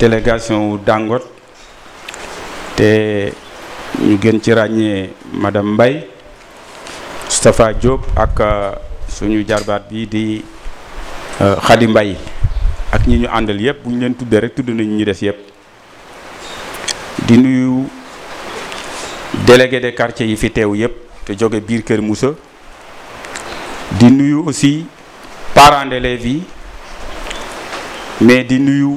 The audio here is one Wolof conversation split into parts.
délégation wu Dangote te ñu gën ci ràññee madame Mbaye Moustapha Diop ak euh, suñu jarbaat bii di euh, Khady mbay ak ñi ñu àndal yëpp bu ñu leen tuddee rek tudd nañu ñu des yëpp di nuyu délégué de quartier yi fi teew yëpp te joge biir Kër Moussa di nuyu aussi parents d'élèves yi mais di nuyu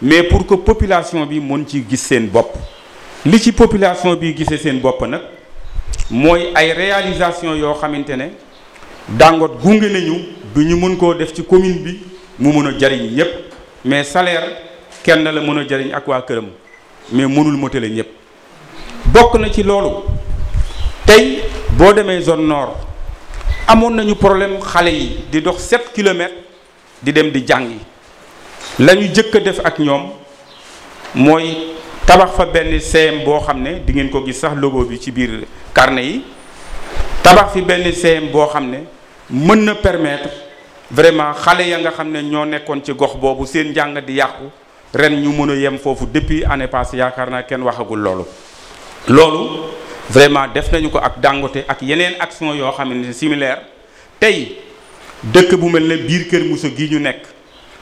mais pour que population bi mon ci gis sen bop li ci population bi gisee sen bop nak moy ay réalisation yo xamantene dangot Dangote gunge nañu bi mën ko def ci commune bi mu mën jariñ ñëpp mais salaire kenn la mën jariñ ak wa kërëm mais mënul motale ñëpp bok na ci lolu tay bo démé zone nord amon nañu problème xalé yi di dox 7 kilomètres di dem di jangi. lañu ñu jëkk a def ak ñoom mooy tabax fa benn CM boo xam ne di ngeen ko gis sax logo bi ci biir karne yi tabax fi benn CM boo xam ne mën na permetre vraiment xale ya nga xam ne ñoo nekkoon ci gox boobu seen njàng di yàqu ren ñu mën a yem foofu depuis année passée yaakaar naa kenn waxagul loolu loolu vraiment def nañu ko ak Dangote ak yeneen action yoo xam ne similaire tey dëkk bu mel ne biir kër Moussa gi ñu nekk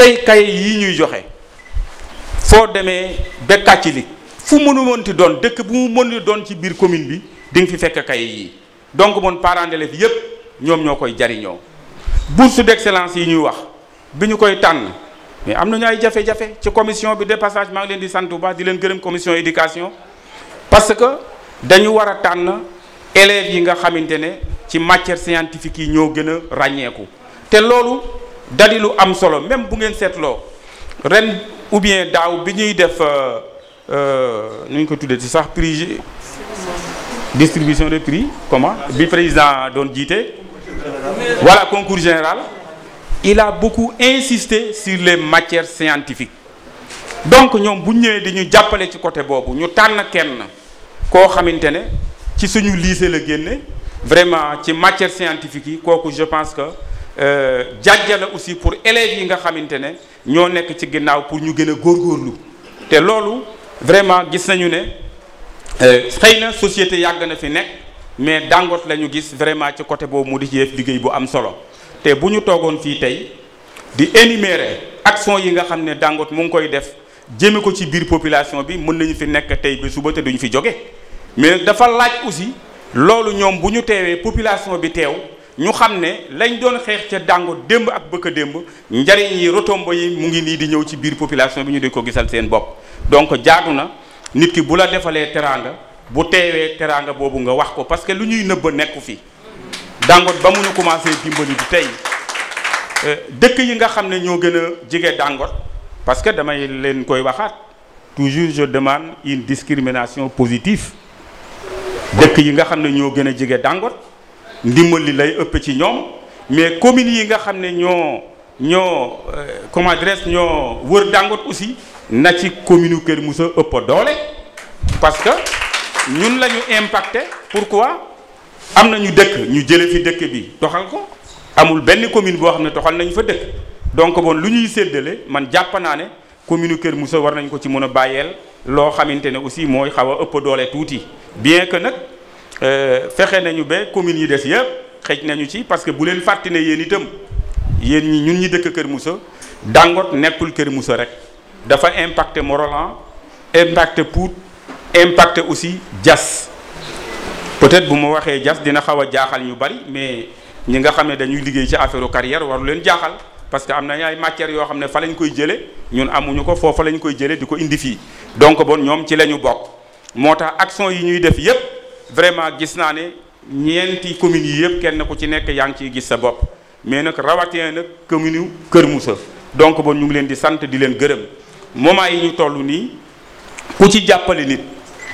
tey kay yi ñuy joxe foo demee ba kàcc li fu mënu mënti doon dëkk bu mu mënu doon ci biir commune bi di nga fi fekk kay yi donc moom parents d'élèves yépp ñoom ñoo koy jariñoo bourse d'excellence yi ñuy wax bi ñu koy tànn mais am nañu ay jafe-jafe ci commission bi de maa ngi leen di sant bu baax di leen gërëm commission éducation parce que dañu war a tànn élèves yi nga xamante ne ci matière scientifique yi ñoo gën a ràññeeku te loolu dalilu am solo même bu ngeen setlo ren ou bien daw bi ñuy def euh, euh ñu ko tuddee ci sax prix distribution de prix comment bi président don jiite voilà concours général il a beaucoup insisté sur les matières scientifiques donc ñom bu ñëwé di jappalé ci côté bobu ñu tan kenn ko xamante ci suñu lycée le génne vraiment ci matières scientifiques koku je pense que Euh, jàjja la aussi pour élèves yi nga xamante ne ñoo nekk ci ginnaaw pour ñu gën a góorgóorlu te loolu vraiment gis nañu ne euh, xëy na société yàgg na fi nekk mais Dangote la ñu gis vraiment ci côté boobu mu di ci liggéey bu am solo te bu ñu toogoon fii tey di énumérer action yi nga xam ne dàngoot mu ngi koy def jëme ko ci biir population bi mën nañu fi nekk tey bi suba te duñu fi jóge mais dafa laaj aussi loolu ñoom bu ñu teewee population bi teew ñu xam ne lañ doon xeex ca dàngo démb ak bëkk démb njariñ yi rotombo yi mu ngi nii di ñëw ci biir population bi ñu di ko gisal seen bopp donc jaadu na nit ki bu la defalee Teranga, bu teewee teraanga boobu nga wax ko parce que lu ñuy nëbb nekk fi dàngo ba mu ñu commencé dimbali bi tey euh, dëkk yi nga xam ne ñoo gën a parce que damay leen koy waxaat toujours je demande une discrimination positive dëkk yi nga xam ne ñoo gën a ndimbal li lay ëpp ci ñoom mais communes yi nga xam ne ñoo ñoo euh, comment dirais ñoo wër Dangote aussi na ci commune u Kër Moussa ëpp doole parce que ñun la ñu impacté pourquoi am na ñu dëkk ñu jële fi dëkk bi doxal ko amul benn commune boo xam ne doxal nañu fa dëkk donc bon lu ñuy séddale man jàpp naa ne commune Kër Moussa war nañ ko ci mën a bàyyeel loo xamante ne aussi mooy xaw a ëpp doole tuuti bien que nag Euh, fexé nañu ba commune yi des yépp xëj nañu ci parce que bu leen fàttali yéen itam yéen ñi ñun ñi dëkk Kër Moussa Dangote nekkul Kër Moussa rek dafa impacté Morolan impacté Pout impacté aussi Diass peut-être bu ma waxee Diass dina xaw a jaaxal ñu bari mais ñi nga xam ne dañuy liggéey ci affaire carrière waru leen jaaxal parce que am na ay matières yoo xam ne fa lañ koy jëlee ñun amuñu ko foofa lañ koy jëlee di ko indi fii donc bon ñoom ci la ñu bokk moo tax action yi ñuy def yépp vraiment gis naa ne ñenti commune yëpp kenn ku ci nekk yaa ngi ciy gis sa bopp mais nag rawatina nag commune donc bon ñu ngi leen di di leen gërëm moment yi ñu ku ci nit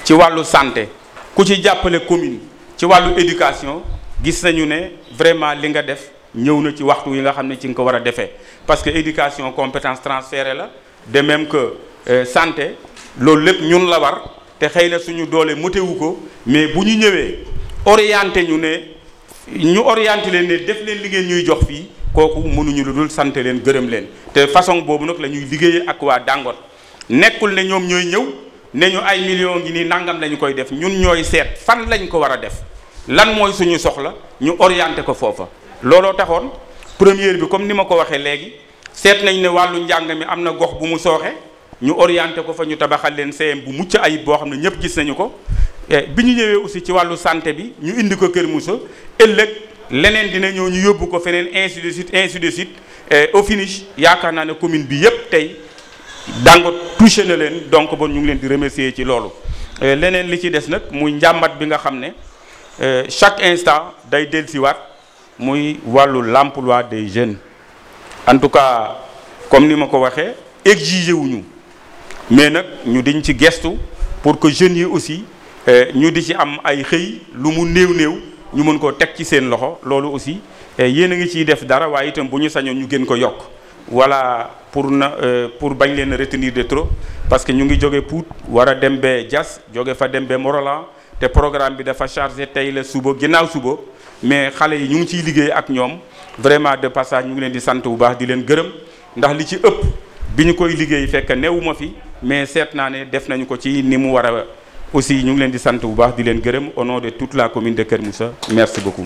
ci santé ku ci jàppale commune ci wàllu éducation gis nañu ne vraiment li nga def ñëw ci waxtu yi nga xam ci parce que éducation compétence transférée de même que euh, santé loolu ñun la te xëy na suñu doole motewu ko mais bu ñu ñëwee orienté ñu ne ñu orienté leen ne def leen li ngeen ñuy jox fii kooku mënuñu lu dul sant leen gërëm leen te façon boobu nag la ñuy liggéeyee ak waa Dangote nekkul ne ñoom ñooy ñëw ne ñu ay millions ngi nii nangam lañu koy def ñun ñooy seet fan lañ ko war a def lan mooy suñu soxla ñu orienté ko foofa looloo taxoon première bi comme ni ma ko waxee léegi seet nañ ne wàllu njàng mi am na gox bu mu sooxee Nous orienté ko fa ñu tabaxal leen CM bu mucc ayib nous xam ñepp gis nañu ko bi ñu aussi ci walu santé bi ñu indi ko Kër ëlëk dina ñu ko de suite ainsi de au finish commune bi yépp le dango touché na leen donc bon ñu ngi di remercier ci li ci euh, chaque instant day muy l'emploi des jeunes en tout cas comme ni ko exiger mais nag ñu diñ ci gestu pour que jeunes yi aussi euh, ñu di ci am ay xëy lu mu néew-néew ñu mën ko teg ci seen loxo loolu aussi euh, yéen a ngi ciy def dara waaye itam bu ñu sañoon ñu gën ko yokk voilà pour na euh, pour bañ leen retenir de trop parce que ñu ngi jóge Pout war dem be Diass jóge fa dem ba Morolan te programme bi dafa chargé tey la suba ginnaaw suba mais xale yi ñu ngi ciy liggéey ak ñoom vraiment de passage ñu ngi leen di sant bu baax di leen gërëm ndax li ci ëpp bi ñu koy liggéey fekk neewuma fi mais cette année, avons fait ce ko ci ni aussi nous ngi leen di sant bu au nom de toute la commune de Kermoussa. merci beaucoup